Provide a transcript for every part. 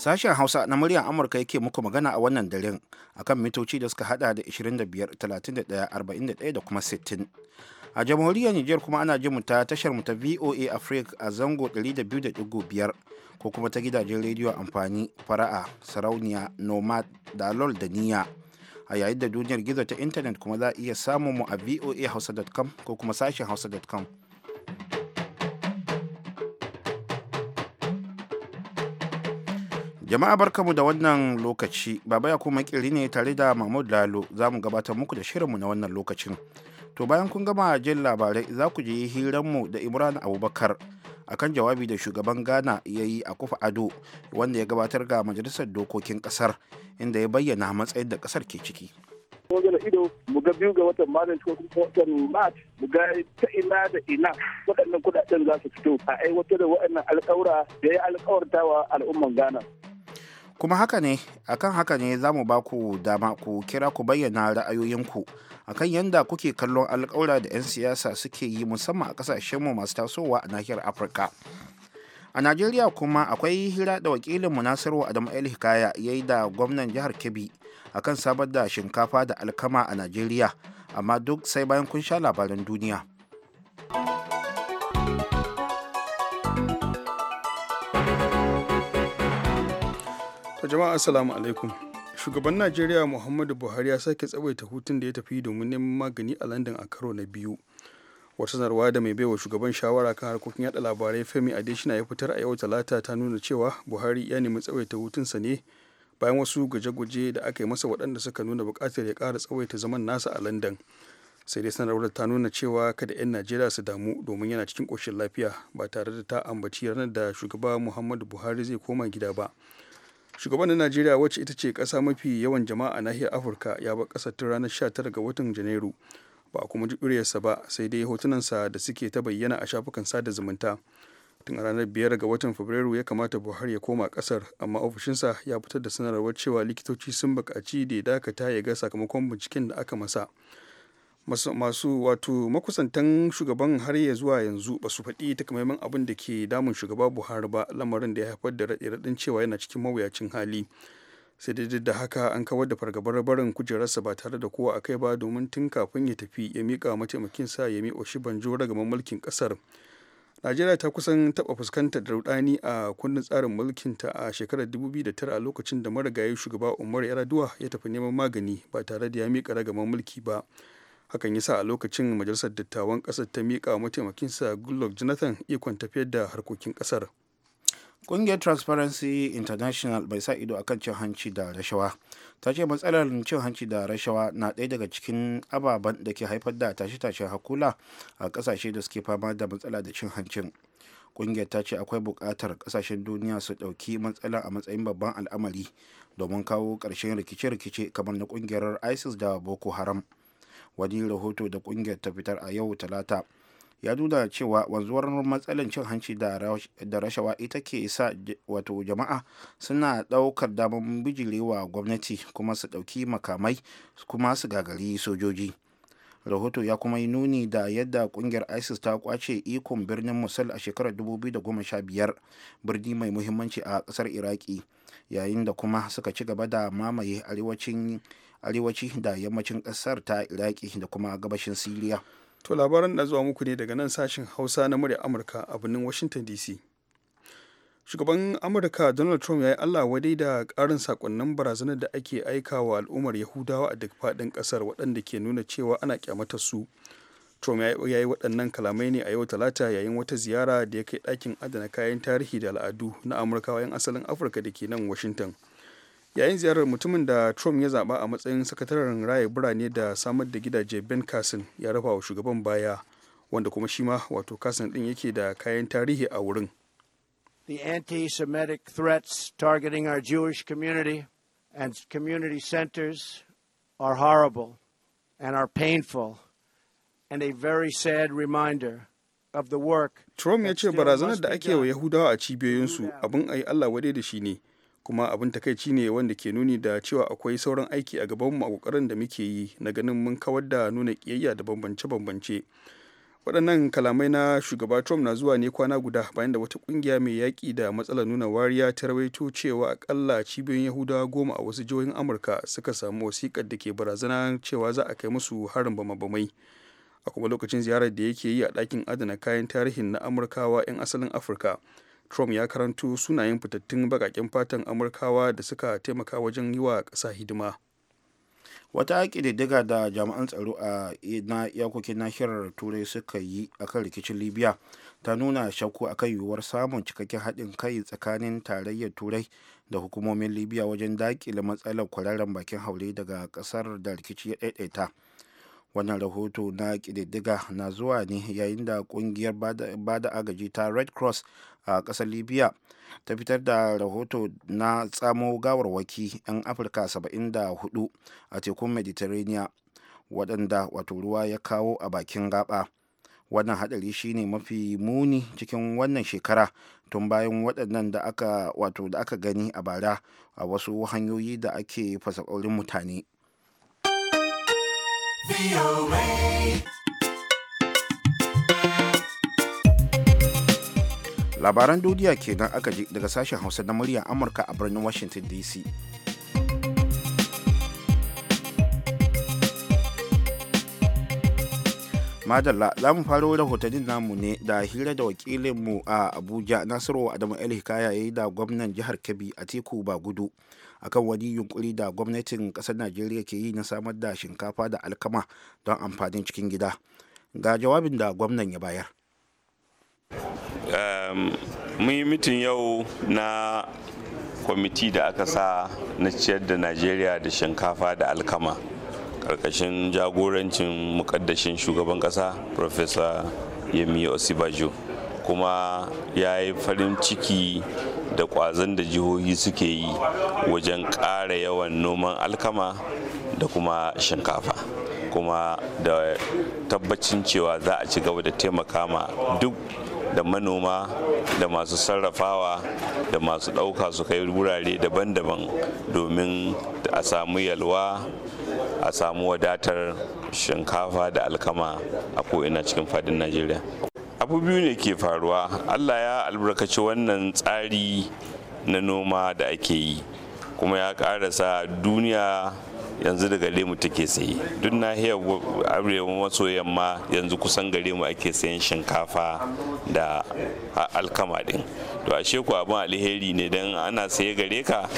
Sashen Hausa na muryar Amurka yake muku magana a wannan daren akan mitoci da suka hada da 25, 31, 41 da kuma 60. A jamhuriyar Nijar kuma ana jin ta tashar mu ta VOA Africa a zango 200.5 ko kuma ta gidajen rediyo amfani fara'a, sarauniya, nomad, dalol da niyya. a yayin da duniyar gizo ta intanet kuma za a iya samun mu a voahausa.com ko kuma sashen hausa.com jama'a barkamu da wannan lokaci baba ya kuma kiri ne tare da mahmud lalo za mu gabatar muku da shirinmu na wannan lokacin to bayan kun gama jin labarai za ku je hiranmu da imran abubakar akan jawabi da shugaban ghana ya yi a kufa ado wanda ya gabatar ga majalisar dokokin kasar inda ya bayyana matsayin da kasar ke ciki wajen ido mu ga biyu ga watan maris ko watan mat mu ga ta ina da ina waɗannan kuɗaɗen za su fito a aiwatar da waɗannan alƙawura da ya alƙawarta wa al'umman ghana kuma haka ne akan haka ne zamu baku dama ku kira ku bayyana ra'ayoyinku akan yadda kuke kallon alƙawura da 'yan siyasa suke yi musamman a mu masu tasowa a nahiyar afirka a najeriya kuma akwai hira da wakilin munasarwa adamu el hikaya ya yi da gwamnan jihar kebbi akan sabar da shinkafa da alkama a najeriya amma duk sai bayan kun sha labaran duniya jama'a assalamu alaikum shugaban najeriya muhammadu buhari ya sake tsawaita hutun da ya tafi domin neman magani a london a karo na biyu wata sanarwa da mai baiwa shugaban shawara kan harkokin yada labarai femi adeshina ya fitar a yau talata ta nuna cewa buhari ya nemi tsawaita hutunsa ne bayan wasu gwaje-gwaje da aka yi masa waɗanda suka nuna buƙatar ya ƙara tsawaita zaman nasa a london sai dai sanarwar ta nuna cewa kada 'yan najeriya su damu domin yana cikin ƙoshin lafiya ba tare da ta ambaci ranar da shugaba muhammadu buhari zai koma gida ba shugaban najeriya wacce ita ce ƙasa mafi yawan jama'a a nahiyar afirka ya bar ƙasar tun ranar 19 ga watan janairu ba kuma ji ba sai dai hotunansa da suke ta bayyana a shafukan sada zumunta tun a ranar 5 ga watan fabrairu ya kamata buhari ya koma ƙasar amma ofishinsa ya fitar da sanarwar cewa likitoci sun buƙaci da ya dakata ya ga sakamakon binciken da aka masa masu wato makusantan shugaban har ya zuwa yanzu ba su faɗi takamaiman abin da ke damun shugaba buhari ba lamarin da ya haifar da raɗe-raɗin cewa yana cikin mawuyacin hali sai dai da haka an kawar da fargabar barin kujerarsa ba tare da kowa a kai ba domin tun kafin ya tafi ya miƙa sa ya miƙa shi banjo ragaman mulkin ƙasar najeriya ta kusan taɓa fuskantar da rudani a kundin tsarin mulkinta a shekarar 2009 a lokacin da marigayi shugaba umar yaraduwa ya tafi neman magani ba tare da ya miƙa ragaman mulki ba hakan ya sa a lokacin majalisar dattawan kasar ta miƙa sa goodluck jonathan ikon tafiyar da harkokin kasar kungiyar transparency international bai sa ido akan cin hanci da rashawa ta ce matsalar cin hanci da rashawa na ɗaya daga cikin ababen da ke haifar da tashe-tashen hakula a ƙasashe da suke fama da matsala da cin hancin kungiyar ta ce akwai buƙatar ƙasashen duniya su ɗauki matsala a matsayin babban al'amari domin kawo ƙarshen rikice-rikice kamar na ƙungiyar isis da boko haram wani rahoto da kungiyar ta fitar a yau talata ya da cewa wanzuwar matsalar cin hanci da rashawa ita ke sa wato jama'a suna ɗaukar damar bijirewa gwamnati kuma su ɗauki makamai kuma su gagari sojoji rahoto ya kuma yi nuni da yadda kungiyar isis ta kwace ikon birnin musul a shekarar 2015 birni mai muhimmanci a kasar iraki yayin da kuma suka ci gaba da mamaye arewaci da yammacin kasar ta iraki da kuma gabashin syria. to labaran na zuwa muku ne daga nan sashen hausa na murya amurka a birnin washington dc shugaban amurka donald trump ya yi allah wadai da karin sakonnin barazanar da ake aika wa al'ummar yahudawa a duk faɗin ƙasar waɗanda ke nuna cewa ana kyamatar su trump ya yi waɗannan kalamai ne a yau talata yayin wata ziyara da ya kai ɗakin adana kayan tarihi da al'adu na amurka 'yan asalin afirka da ke nan washington yayin ziyarar mutumin da trump ya zaɓa a matsayin sakataren raya birane da samar da gidaje ben carson ya rafa wa shugaban baya wanda kuma shi ma wato carson ɗin yake da kayan tarihi a wurin the anti Semitic threats targeting our Jewish community and community centers are horrible and are painful and a very sad reminder of the work. Trump ya ce barazanar da ake wa Yahudawa a cibiyoyinsu abin Allah da shi ne, kuma abin takaici ne wanda ke nuni da cewa akwai sauran aiki a gabanmu a kokarin da muke yi na ganin mun kawar da nuna da bambance-bambance. waɗannan kalamai na shugaba trump na zuwa ne kwana guda bayan da wata ƙungiya mai yaƙi da matsalar nuna wariya ta rawaito cewa akalla cibiyoyin yahudawa goma a wasu jihohin amurka suka samu wasiƙar da ke barazana cewa za a kai musu harin bama-bamai a kuma lokacin ziyarar da yake yi a ɗakin adana kayan tarihin na amurkawa 'yan asalin afirka trump ya karanto sunayen fitattun baƙaƙen fatan amurkawa da suka taimaka wajen yi wa ƙasa hidima wata ƙididdiga da jami'an tsaro a na iyakokin nahiyar turai suka yi akan rikicin libya ta nuna shakku akan yiwuwar samun cikakken haɗin kai tsakanin tarayyar turai da hukumomin libya wajen daƙile matsalar kwararren bakin haure daga ƙasar da rikici ya ɗaiɗaita wannan rahoto na ƙididdiga na zuwa ne yayin da kungiyar bada agaji ta red cross a kasar libya ta fitar da rahoto na tsamo gawarwaki 'yan afirka 74 a tekun mediterranean waɗanda wato ruwa ya kawo a bakin gaba wannan hadari shine mafi muni cikin wannan shekara tun bayan waɗannan da aka wato da aka gani a bara a wasu hanyoyi da ake fasa mutane. labaran duniya kenan aka ji daga sashen hausa na murya amurka a birnin washington dc madalla za mu faro rahotannin namu ne da hira da wakilin mu a abuja nasiru adamu el hikaya ya yi da gwamnan jihar kebbi a teku ba gudu akan wani yunkuri da gwamnatin kasar najeriya ke yi na samar da shinkafa da alkama don amfanin cikin gida ga jawabin da gwamnan ya bayar mun yi mitin yau na kwamiti da aka sa na ciyar da najeriya da shinkafa da alkama karkashin jagorancin mukaddashin shugaban kasa professor yemi osibajo kuma ya yi farin ciki da kwazon da jihohi suke yi wajen ƙara yawan noman alkama da kuma shinkafa kuma da tabbacin cewa za a ci gaba da taimaka ma duk da manoma da masu sarrafawa da masu ɗauka su kai wurare daban-daban domin a samu yalwa a samu wadatar shinkafa da alkama a ko'ina cikin fadin najeriya abu biyu ne ke faruwa allah ya albarkaci wannan tsari na noma da ake yi kuma ya karasa duniya yanzu da gare mu take sayi duk nahiyar arewa maso yamma yanzu kusan gare mu ake sayan shinkafa da alkama din to ashe ku abin alheri ne don ana saye gare ka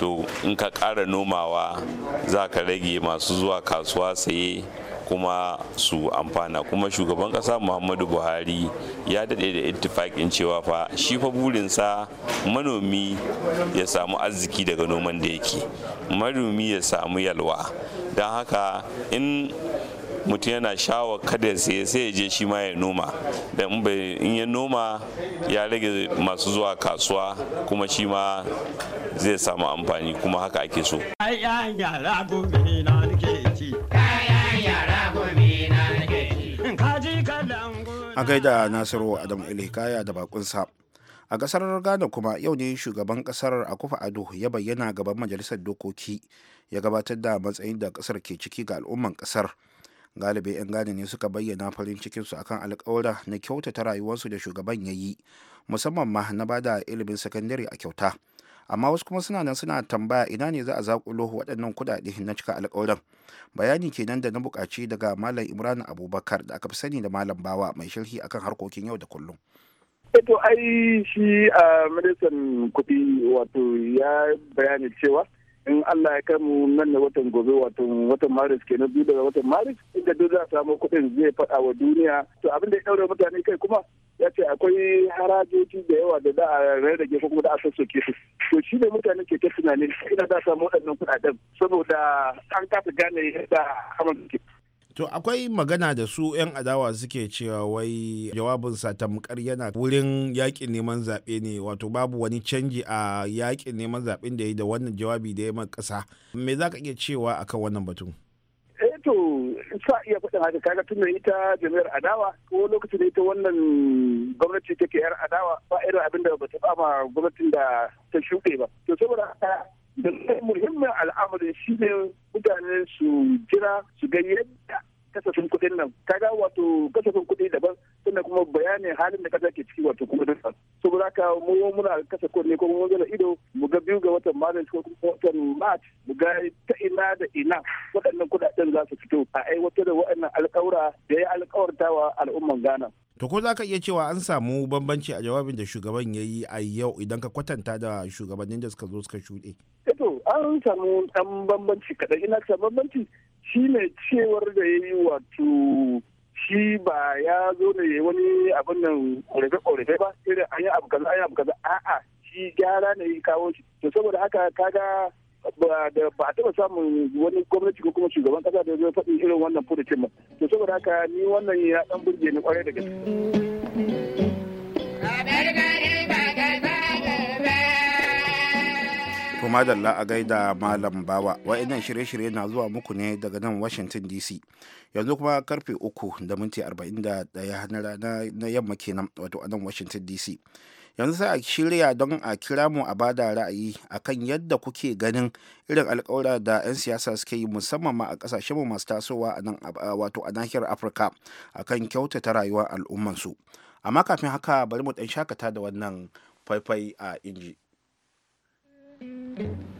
to in ka ƙara nomawa za ka rage masu zuwa kasuwa saye kuma su amfana kuma shugaban kasa muhammadu buhari ya daɗe da ittifaƙin cewa fa shi fa burinsa manomi ya samu arziki daga noman da yake manomi ya samu yalwa don haka in mutum yana shawa kada ya sai ya je shi ma ya noma da in ya noma ya rage masu zuwa kasuwa kuma shi ma zai samu amfani kuma haka ake so a gaida nasiru adamu ilhikaya da bakunsa a kasar ghana kuma yau ne shugaban kasar akufa ado ya bayyana gaban majalisar dokoki ya gabatar da matsayin da kasar ke ciki ga al'umman kasar galibi 'yan gane ne suka bayyana farin cikinsu akan alkawura na kyautata rayuwarsu da shugaban ya yi musamman ma na bada ilimin sakandare a kyauta amma wasu kuma suna nan suna tambaya ina ne za a zakulo waɗannan kuɗaɗe na cika alƙawarin bayani kenan da na buƙaci daga malam imran abubakar da aka fi sani da malam bawa mai sharhi akan harkokin yau da kullum eh to ai shi a ah, ministan kuɗi wato ya bayani cewa in Allah ya kai mu nan da watan gobe wato watan Maris ke na biyu daga watan Maris inda duk za samu kuɗin zai faɗa wa duniya to abin da ya ɗaure mutane kai kuma ya ce akwai harajoji da yawa da za a rarrage ko kuma da a sassoke su to shi ne mutane ke ta tunani ina za samu waɗannan kuɗaɗen saboda an kasa gane yadda amince To akwai magana da su 'yan adawa suke cewa wai jawabinsa tamkar yana wurin yakin neman zaɓe ne wato babu wani canji a yakin neman zaɓen da ya da wannan jawabi da ya man ƙasa. Me za ka iya cewa akan wannan batun? Eh to sa iya faɗin haka kaga tunda ita jami'ar adawa ko lokacin da ita wannan gwamnati take yar adawa ba irin abin da ba ta ba gwamnatin da ta shuɗe ba. To saboda haka da muhimmin al'amarin shi ne mutane su jira su ga yadda kasafin kuɗin nan kaga wato kasafin kuɗi daban sannan kuma bayanin halin da kasa ke ciki wato kuma da saboda haka mu muna kasa ne ko mun zana ido mu ga biyu ga watan maris ko kuma watan march mu ga ta ina da ina waɗannan kudaden za su fito a aiwatar da waɗannan alƙawura da ya wa al'umman ghana to ko za ka iya cewa an samu bambanci a jawabin da shugaban ya yi a yau idan ka kwatanta da shugabannin da suka zo suka shuɗe. Eh to an samu ɗan bambanci kaɗan ina ka bambanci shi ne cewar da ya yi wato shi ba ya zo ne wani abin nan ƙorafe-ƙorafe ba irin an yi abu kaza an yi abu kaza a'a shi gyara ne kawo shi to saboda haka kaga ba da ba taɓa samun wani gwamnati ko kuma shugaban kasa da zai faɗi irin wannan furucin ba to saboda haka ni wannan ya ɗan burge ni kwarai da gaske. to madalla a gaida malam bawa wa'annan shirye-shirye na zuwa muku ne daga nan washington dc yanzu kuma karfe uku da minti 41 na yamma kenan wato a nan washington dc yanzu sai a shirya don a kira mu a bada ra'ayi akan yadda kuke ganin irin alkawura da 'yan siyasa suke yi musamman ma a mu masu tasowa a nan wato a nahiyar afirka akan kyautata rayuwar al'ummansu amma kafin haka bari mu ɗan shakata da wannan faifai a inji. Thank you.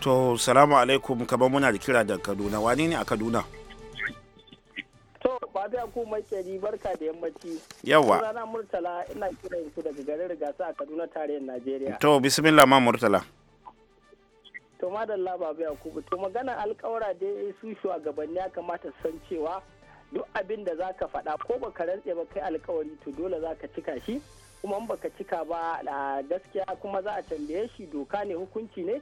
to salamu alaikum kamar muna da kira da kaduna wani ne a kaduna to ku kyari barka da yammaci yawa murtala ina kiran ku daga garin rigasa a kaduna tarayyar najeriya to bismillah ma murtala to madalla babu yakubu to magana alkawara dai su shugabanni ya kamata su san cewa duk abin da zaka faɗa ko baka rantse ba kai alkawari to dole zaka cika shi kuma in baka cika ba gaskiya kuma za a tambaye shi doka ne hukunci ne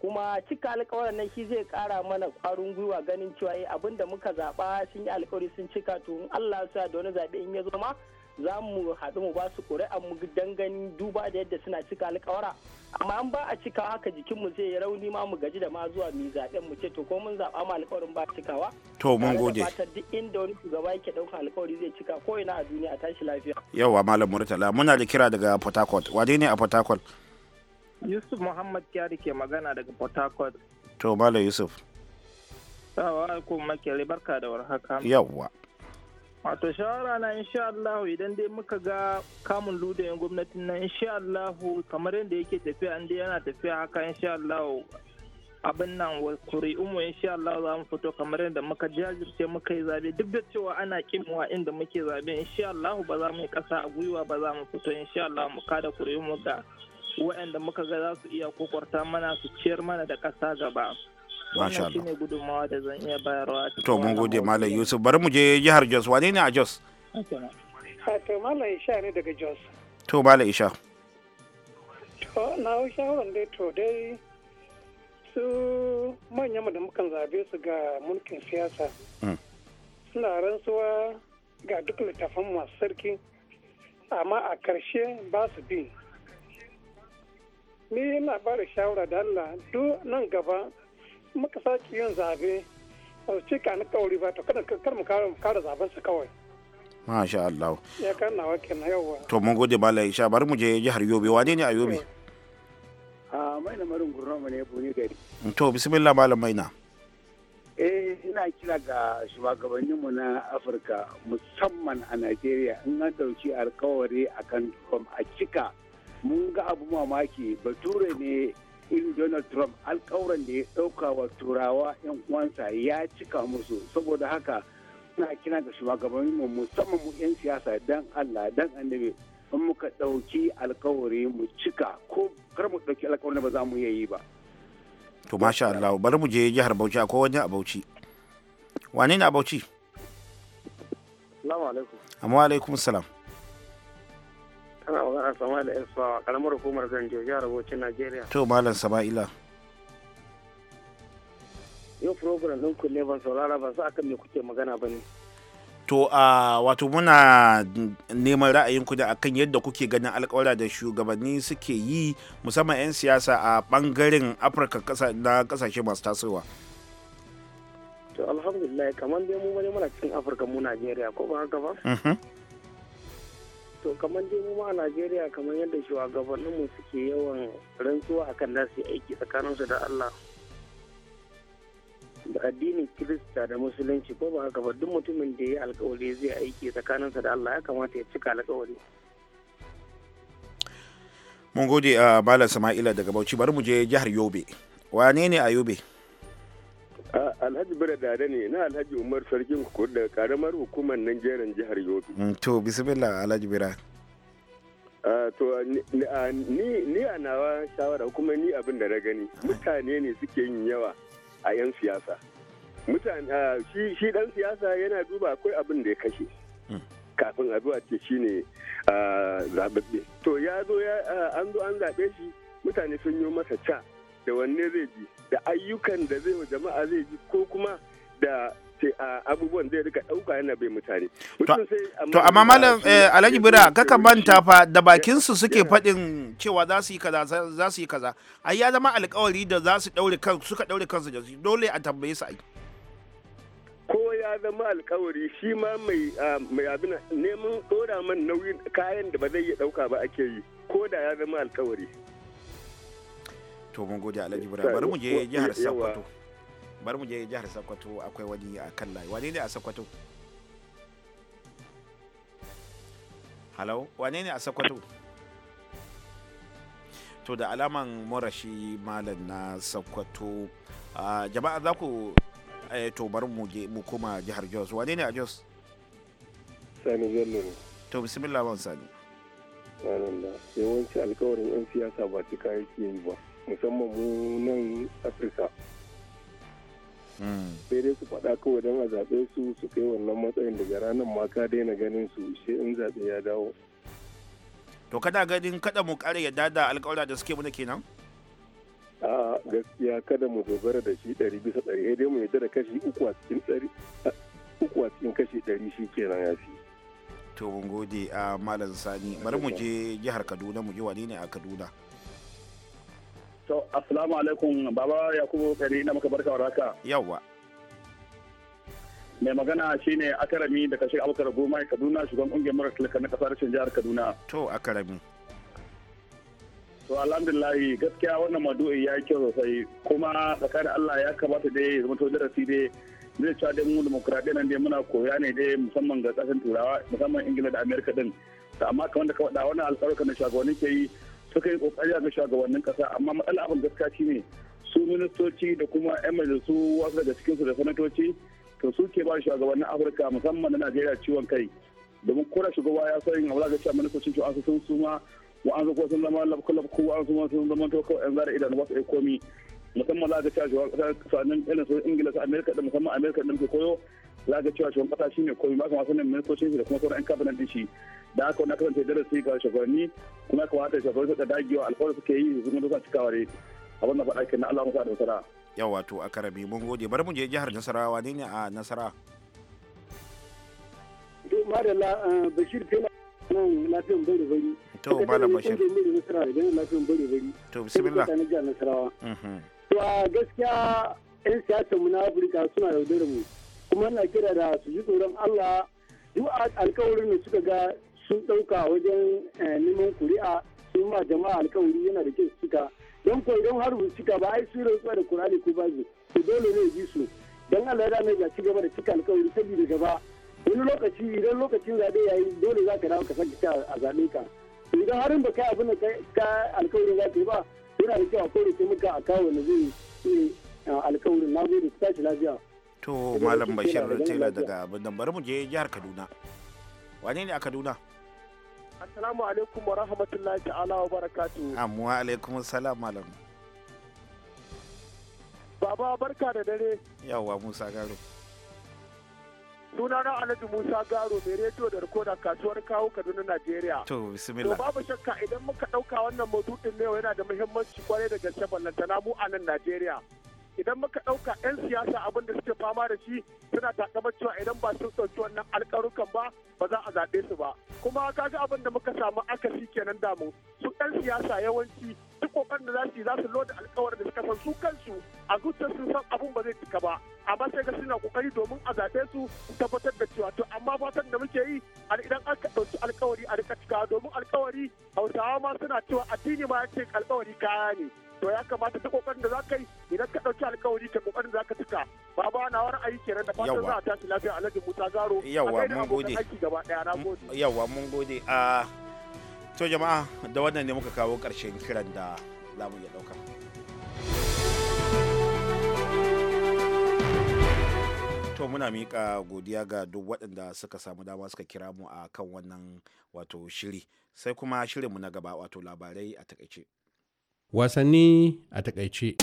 kuma cika alkawarin nan shi zai kara mana kwarin gwiwa ganin cewa eh abin da muka zaɓa sun yi alkawari sun cika to in Allah ya da wani zaɓe in ya zo ma za mu haɗu mu ba su ƙuri'a mu dan ganin duba da yadda suna cika alkawara amma an ba a cika haka jikin mu zai rauni ma mu gaji da ma zuwa mu zaɓen mu ce to ko mun zaɓa ma alkawarin ba cikawa to mun gode duk inda wani shugaba yake dauka alkawari zai cika ko ina a duniya a tashi lafiya yawa malam murtala muna da kira daga port harcourt wane ne a port harcourt Yusuf Muhammad Kyari ke magana daga Port Harcourt. To Malam Yusuf. Sawa alaikum makere barka da warhaka. Yawwa. Wato shawara na insha Allah idan dai muka ga kamun ludayin gwamnatin nan insha Allah kamar yadda yake tafiya an yana tafiya haka insha Allah abin nan wa kuri'unmu insha Allah za mu fito kamar yadda muka jajirce muka yi zabe duk da cewa ana kimuwa inda muke zabe insha Allah ba za mu yi kasa a gwiwa ba za mu fito insha Allah mu kada kuri'unmu ga waɗanda muka ga za su iya kokwarta mana su ciyar mana da ƙasa gaba. Masha Allah. shine gudunmawa da zan iya bayarwa. To mun gode Malam Yusuf bari mu je jihar Jos wane ne a Jos? To Malam Isha ne daga Jos. To Malam Isha. To na shawaran dai to dai su manyan mu da mukan zabe su ga mulkin siyasa. Hmm. Suna rantsuwa ga duk littafan masu sarki amma a ƙarshe ba su bi ni yana ba da shawara da Allah duk nan gaba muka sake yin zabe a su cika ni kauri ba to kada kar mu kara zaben su kawai masha Allah ya kan nawa kenan yawa to mun gode malai Isha bar mu je jihar Yobe wane ne a Yobe eh. a ah, na marin mu ne buni gari to bismillah malam maina eh ina kira ga mu na afirka musamman a najeriya in an dauki alkawari akan a cika mun ga abu mamaki bature ne irin donald trump alkawuran da ya dauka wa turawa 'yan uwansa ya cika musu saboda haka suna ga da mu musamman mu 'yan siyasa dan allah dan annabi in muka ɗauki alkawari mu cika ko kar mu ɗauki alkawarin ba za mu iya yi ba to masha allah bari mu je jihar bauchi akwai wani a bauchi wani ne a bauchi assalamu alaikum amma alaikum salam kana magana Sama'ila Isfa karamar hukumar Zanjo jihar Bauchi Najeriya. To Malam Sama'ila. Yau program ɗin kunne ban saurara ban sa akan me kuke magana ba ne. To a wato muna neman ra'ayinku da akan yadda kuke ganin alkawara da shugabanni suke yi musamman 'yan siyasa a bangaren Afirka na kasashe masu tasowa. To alhamdulillah kamar dai mu wani muna cikin Afirka mu Najeriya ko ba haka ba? Mm-hmm. to kamar dai a najeriya kamar yadda shugabanninmu suke yawan rantsuwa akan kan nasu aiki tsakaninsu da allah da addinin kirista da musulunci ko ba haka ba duk mutumin da ya yi alkawari zai aiki tsakaninsa da allah ya kamata ya cika alkawari mun gode a ah, bala sama'ila daga bauchi bari mu je jihar yobe wane ne a yobe Alhaji Bada Dada ne na Alhaji Umar Sarkin Kukur da karamar hukumar Najeriya jihar Yobe. Mm, to bismillah Alhaji Bira. to ni a nawa shawara kuma ni abin da na gani mutane ne suke yin yawa a 'yan siyasa. Mutane shi dan siyasa yana duba akwai abin da ya kashe. Mm. Kafin abuwa ce shi ne zaɓaɓɓe. To ya zo an zo an zaɓe shi mutane sun yi masa ca. da wanne zai ji da ayyukan da zai wa jama'a zai ji ko kuma da abubuwan zai rika ɗauka yana bai mutane. To amma malam eh, Alhaji Bira kaka manta fa da bakinsu suke faɗin cewa za su yi kaza za su yi kaza ai ya zama alƙawari da za su daure kan suka daure kansu da su dole a tambaye su ai. ko ya zama alƙawari shi ma mai abin neman ɗora man nauyin kayan da ba zai iya ɗauka ba ake yi ko da ya zama alƙawari. to mun gode alhaji ibrahim bari mu je jihar Sakkwato bari mu je jihar sokoto akwai wani a kan layi wani ne a Sakkwato halau wani ne a Sakkwato to da alaman morashi malam na Sakkwato jama'a za ku eh, to bari mu je mu koma jihar jos wani ne a jos sani bello ne to bismillah ban sani yawanci alkawarin yan siyasa ba cika yake yi ba musamman mu nan afirka hmm. sai dai su faɗa kawai don a zaɓe su su kai wannan matsayin daga ranar ma ka daina ganin su shi in zaɓe ya dawo to kada ganin kada mu ƙara yadda da alƙawura da suke muna kenan a gaskiya kada mu dogara da shi ɗari bisa ɗari sai dai mu yadda da kashi uku a cikin ɗari uku a cikin kashi ɗari shi kenan ya fi to mun gode a malam sani bari mu je jihar kaduna mu je wani ne a kaduna To, assalamu alaikum baba Yakubu Kari na maka barka waraka. Yawwa. Mai magana shine Akarami da kashe Abubakar Goma Kaduna shugaban kungiyar mara talaka na kasar jihar Kaduna. To, Akarami. to alhamdulillahi gaskiya wannan madu'i ya yi kyau sosai kuma tsakanin Allah ya kamata dai ya zama to darasi dai zai cewa dai mu demokradiyya nan dai muna koya ne dai musamman ga kasashen turawa musamman ingila da amerika din amma kamar da ka faɗa wannan alƙawarka na shagoni ke yi suka yi kokari a ga shugabannin kasa amma matsala abin gaskiya shi ne su ministoci da kuma yan majalisu wasu daga cikinsu da sanatoci to su ke ba shugabannin afirka musamman na najeriya ciwon kai domin koda shugaba ya sanya a wulaga cewa ministocin su an sun suma wa an ko sun zama lafkulaf ko an suma sun zama to kawai yan zara idan wasu su komi musamman za ka cewa shugabannin irin su ingila su amerika da musamman amerika da muke koyo za ga cewa shugaban kasa shine komai ba kuma sanin ministocin shi da kuma sauran 'yan kabinan din shi da haka wani kasance darasi ga shugabanni kuma ka wata shugabanni suka dagewa alfawar suke yi su kuma dukan cikawa ne abin da faɗa kenan Allah musa da nasara. yawa wato a karabi mun gode bari mu je jihar nasarawa ne ne a nasara. to madalla eh, bashir tela nan lafiyan bari bari. to malam bashir. to lafiyan bari bari. to bismillah. Mhm. to a gaskiya 'yan siyasa mu na afirka suna yaudarar mu. kuma na kira da su ji tsoron Allah duk alkawarin da suka ga sun ɗauka wajen eh, neman kuri'a sun ma jama'a alkawari yana da kyau suka don ko idan har cika ba ai sun rantsuwa da kur'ani ko bazu to dole ne ji su don Allah ya ga ci gaba da cika alkawari saboda gaba wani lokaci idan lokacin zaɓe yayi dole za ka dawo ka saki ta a zaɓe ka idan harin ba kai abin da ka alkawarin za ka yi ba yana da kyau a kore muka a kawo na zai eh, alkawarin na zai da tashi lafiya. to malam bashir taylor daga abin bari mu je jihar kaduna wane ne a kaduna assalamu alaikum wa rahmatullahi ta'ala wa barakatu amma alaikum salam malam baba barka da dare yawa musa garo sunana alhaji musa garo mai rediyo da rikoda kasuwar kawo kaduna najeriya to bismillah to babu shakka idan muka dauka wannan maudu'in ne yana da muhimmanci kwarai da gaske ballantana mu a nan najeriya idan muka ɗauka 'yan siyasa abin da suke fama da shi suna takamar cewa idan ba sun ɗauki wannan alƙarukan ba ba za a zaɓe su ba kuma kaga abin da muka samu akasi kenan damu su 'yan siyasa yawanci duk kokarin da za su yi za su loda alkawarin da suka san su kansu a zuciyar sun san abun ba zai cika ba amma sai ga suna kokari domin a zaɓe su tabbatar da cewa to amma fatan da muke yi idan aka ɗauki alkawari a rika cika domin alkawari hausawa ma suna cewa addini ma ya ce alkawari kaya ne to ya kamata duk kokarin da za ka yi nawa da fatan za a tashi lafiya Alhaji Musa yawa mun gode yawa ah, mun gode a to jama'a da wannan ne muka kawo karshen kiran da za mu iya dauka to muna miƙa godiya ga duk waɗanda suka samu dama suka kira mu a kan wannan wato shiri sai kuma shirinmu na gaba wato labarai a takaice wasanni a takaice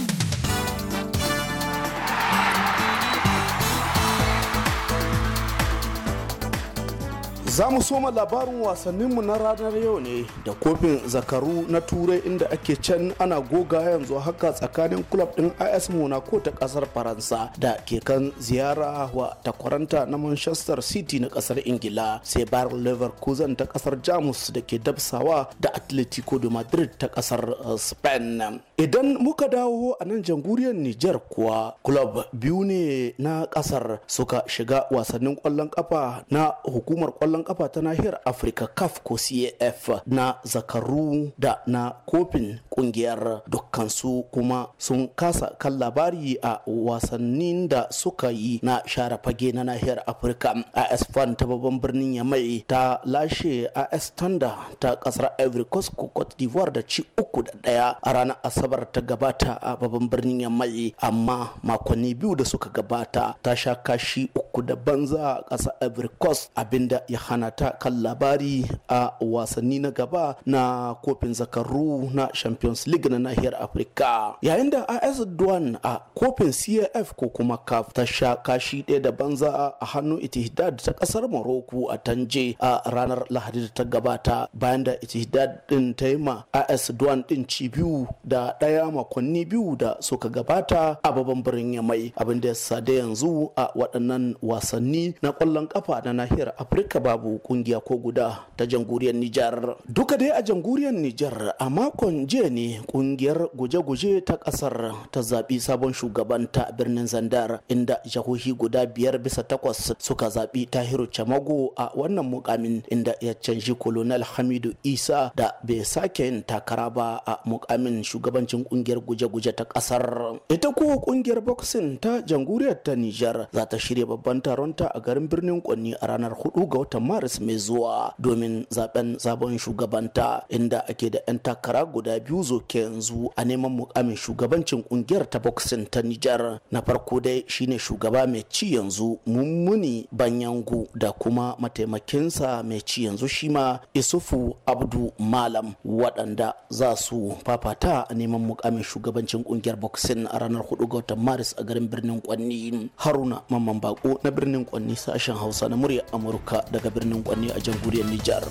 Za mu soma labarin wasanninmu na ranar yau ne da kofin zakaru na turai inda ake can ana goga yanzu haka tsakanin kulab ɗin IS Monaco ta ƙasar Faransa da ke kan ziyara wa takwaranta na Manchester City na ƙasar Ingila sai Bayer Leverkusen ta ƙasar Jamus da ke dabsawa da Atletico de Madrid ta ƙasar uh, Spain. Idan muka dawo a nan jamhuriyar Niger, kuwa kulab biyu ne na ƙasar suka shiga wasannin ƙwallon ƙafa na hukumar ƙwallon kafa ta nahiyar afirka caf ko caf na zakaru da na kofin kungiyar dukkansu kuma sun kasa kan labari a wasannin da suka yi na share fage na nahiyar afirka as fan ta babban birnin yamai ta lashe as tanda ta kasar ivory coast ko cote d'ivoire da ci uku da daya a ranar asabar ta gabata a babban birnin yamai amma makonni biyu da suka gabata ta sha kashi uku da banza a kasar ivory coast abinda ya hana ta kan labari a wasanni na gaba na kofin zakaru na champion champions league na nahiyar afirka yayin da as duwan a kofin caf ko kuma caf ta sha kashi ɗaya da banza a hannun itihdad ta kasar morocco a tanje a ranar lahadi da ta gabata bayan da itihdad din ta yi ma as duwan ɗin ci biyu da ɗaya makonni biyu da suka gabata a babban birnin yamai abin da ya da yanzu a waɗannan wasanni na ƙwallon ƙafa na nahiyar afirka babu ƙungiya ko guda ta jamhuriyar nijar duka dai a jamhuriyar nijar a makon jiya ne kungiyar guje-guje ta kasar ta zaɓi sabon shugabanta a birnin zandar inda jihohi guda biyar bisa takwas suka zaɓi tahiru chamago a wannan mukamin inda ya canji kolonel hamidu isa da bai sake yin takara ba a mukamin shugabancin kungiyar guje-guje ta kasar ita ko kungiyar boxing ta janguriyar ta nijar za ta shirya babban taronta a garin birnin kwanni a ranar 4 ga watan maris mai zuwa domin zaben sabon shugabanta inda ake da 'yan takara guda biyu zo ke yanzu a neman mukamin shugabancin kungiyar ta boxing ta Nijar na farko dai shine shugaba mai ci yanzu mummuni banyangu da kuma mataimakinsa mai ci yanzu shima isufu abdu malam waɗanda za su fafata a neman mukamin shugabancin kungiyar boxing a ranar 4 ga watan maris a garin birnin kwanni haruna mamman bako na birnin kwanni sashen hausa na murya amurka daga birnin kwanni a jamhuriyar Nijar.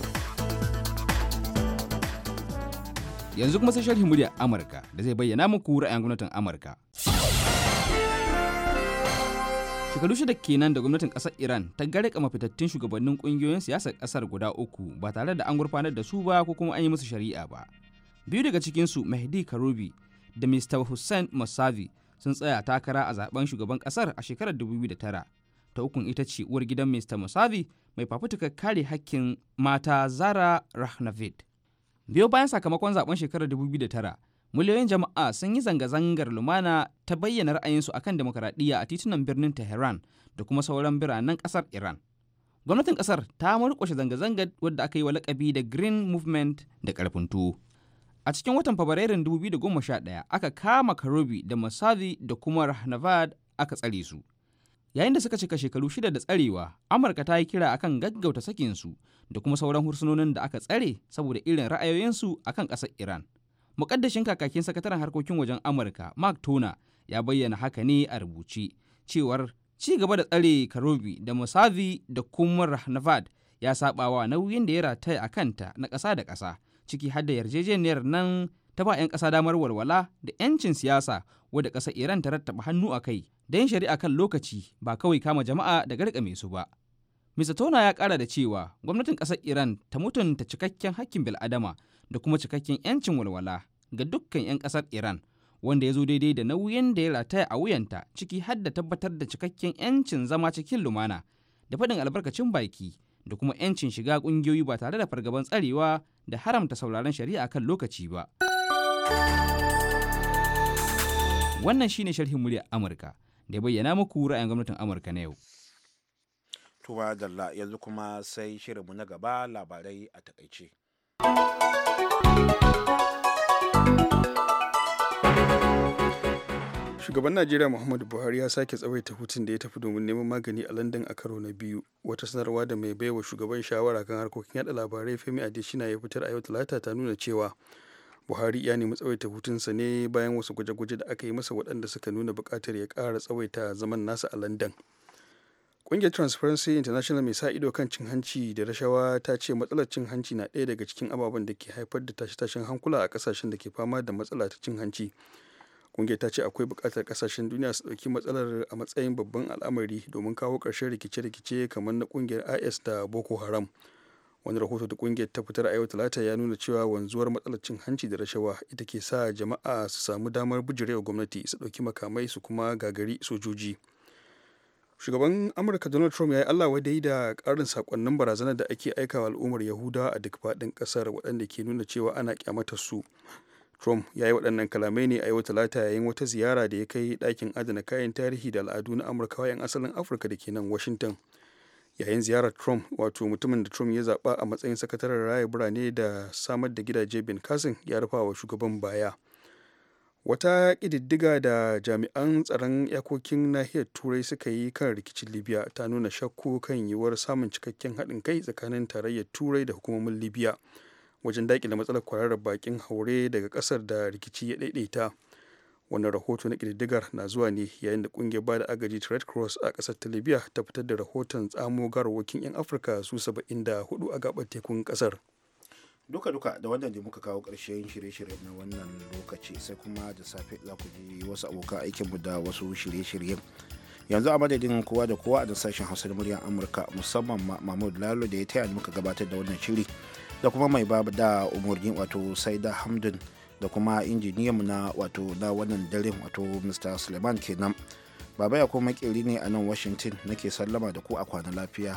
Yanzu kuma sai sharhin muryar Amurka da zai bayyana muku ra'ayin gwamnatin Amurka. Shekaru shida kenan da gwamnatin ƙasar Iran ta garika mafitattun shugabannin ƙungiyoyin siyasar ƙasar guda uku ba tare da an gurfanar da su ba ko kuma an yi musu shari'a ba. Biyu daga cikinsu Mahdi Karobi da Mr. Hussein musavi sun tsaya takara a zaben shugaban ƙasar a shekarar 2009. Ta ukun ita ce uwar gidan Mr. Mossavi mai fafutukar kare haƙƙin mata Zara Rahnavid. biyo bayan sakamakon zaben shekarar 2009 miliyoyin jama'a sun yi zanga-zangar lumana ta bayyana ra'ayinsu akan demokaradiyya a titunan birnin tehran da kuma sauran biranen ƙasar iran gwamnatin ƙasar ta murƙushe zanga-zangar wadda aka yi wa lakabi da green movement da karfin tuwo a cikin watan fabrairun 2011 aka kama karobi da masavi da kuma rahnavad aka tsare su yayin da suka cika shekaru shida da tsarewa amurka ta yi kira akan gaggauta sakinsu da kuma sauran hursunonin da aka tsare saboda irin ra'ayoyinsu akan ƙasar iran muƙaddashin kakakin sakataren harkokin wajen amurka mark tona ya bayyana haka ne a rubuce cewar ci gaba da tsare karobi da musavi da kuma rahnavad ya saba wa nauyin da ya rataya a kanta na ƙasa da ƙasa ciki har yarjejeniyar nan ta ba 'yan ƙasa damar walwala da 'yancin siyasa wadda ƙasar iran ta rattaba hannu a kai da yin shari'a kan lokaci ba kawai kama jama'a da garkame su ba. Mr. Tona ya kara da cewa gwamnatin ƙasar Iran ta mutunta cikakken hakkin bil'adama da kuma cikakken 'yancin walwala ga dukkan 'yan ƙasar Iran wanda ya zo daidai da nauyin da ya rataya a wuyanta ciki har da tabbatar da cikakken 'yancin zama cikin lumana da faɗin albarkacin baki da kuma 'yancin shiga ƙungiyoyi ba tare da fargaban tsarewa da haramta sauraron shari'a kan lokaci ba. Wannan shi ne sharhin muryar Amurka. da bayyana muku ra'ayin gwamnatin amurka na yau tuwa dalla yanzu kuma sai shirinmu na gaba labarai a takaice shugaban najeriya muhammadu buhari ya sake tsawaita hutun da ya tafi domin neman magani a london a karo na biyu wata sanarwa da mai baiwa shugaban shawara kan harkokin yada labarai femi adesina ya fitar a yau talata ta nuna cewa buhari ya nemi tsawaita hutunsa ne bayan wasu gwaje-gwaje da aka yi masa waɗanda suka nuna buƙatar ya ƙara tsawaita zaman nasa a london ƙungiyar transparency international mai sa ido kan cin hanci da rashawa ta ce matsalar cin hanci na ɗaya daga cikin ababen da ke haifar da tashe-tashen hankula a ƙasashen da ke fama da matsala ta cin hanci ƙungiyar ta ce akwai buƙatar ƙasashen duniya su ɗauki matsalar a matsayin babban al'amari domin kawo ƙarshen rikice-rikice kamar na ƙungiyar is da boko haram wani rahoto da kungiyar ta fitar a yau talata ya nuna cewa wanzuwar matsalar cin hanci da rashawa ita ke sa jama'a su samu damar bujirewa gwamnati su ɗauki makamai su kuma gagari sojoji shugaban amurka donald trump ya yi allah wadai da karin sakonnin barazanar da ake aikawa al'ummar yahuda a duk faɗin kasar waɗanda ke nuna cewa ana kyamatar su Trump ya yi waɗannan kalamai ne a yau talata yayin wata ziyara da ya kai ɗakin adana kayan tarihi da al'adu na amurka 'yan asalin Afirka da ke nan Washington. yayin ziyarar trump wato mutumin da trump ya zaɓa a matsayin sakataren raya birane da samar da gidaje bin kasin ya rufa wa shugaban baya wata ƙididdiga da jami'an tsaron yakokin nahiyar turai suka yi kan rikicin libya ta nuna shakku kan yiwuwar samun cikakken haɗin kai tsakanin tarayyar turai da hukumomin libya wajen daƙile matsalar kwararar bakin haure daga ƙasar da rikici ya ɗaiɗaita wannan rahoto na ƙididdigar na zuwa ne yayin da ƙungiyar bada agaji ta red cross a kasar ta libya ta fitar da rahoton tsamo garwakin 'yan afirka su da hudu a gabar tekun ƙasar duka-duka da wannan da muka kawo karshen shirye-shiryen na wannan lokaci sai kuma da safe za ku ji wasu abokan mu da wasu shirye-shiryen yanzu a madadin kowa da kowa a da sashen hausa da muryar amurka musamman mahmud lalo da ya taya muka gabatar da wannan shiri da kuma mai ba da umarni wato saida hamdun da kuma injiniyanmu na wato na wannan dare wato mr suleiman kenan baba ya kuma makeri ne a nan washington nake sallama da ku a kwana lafiya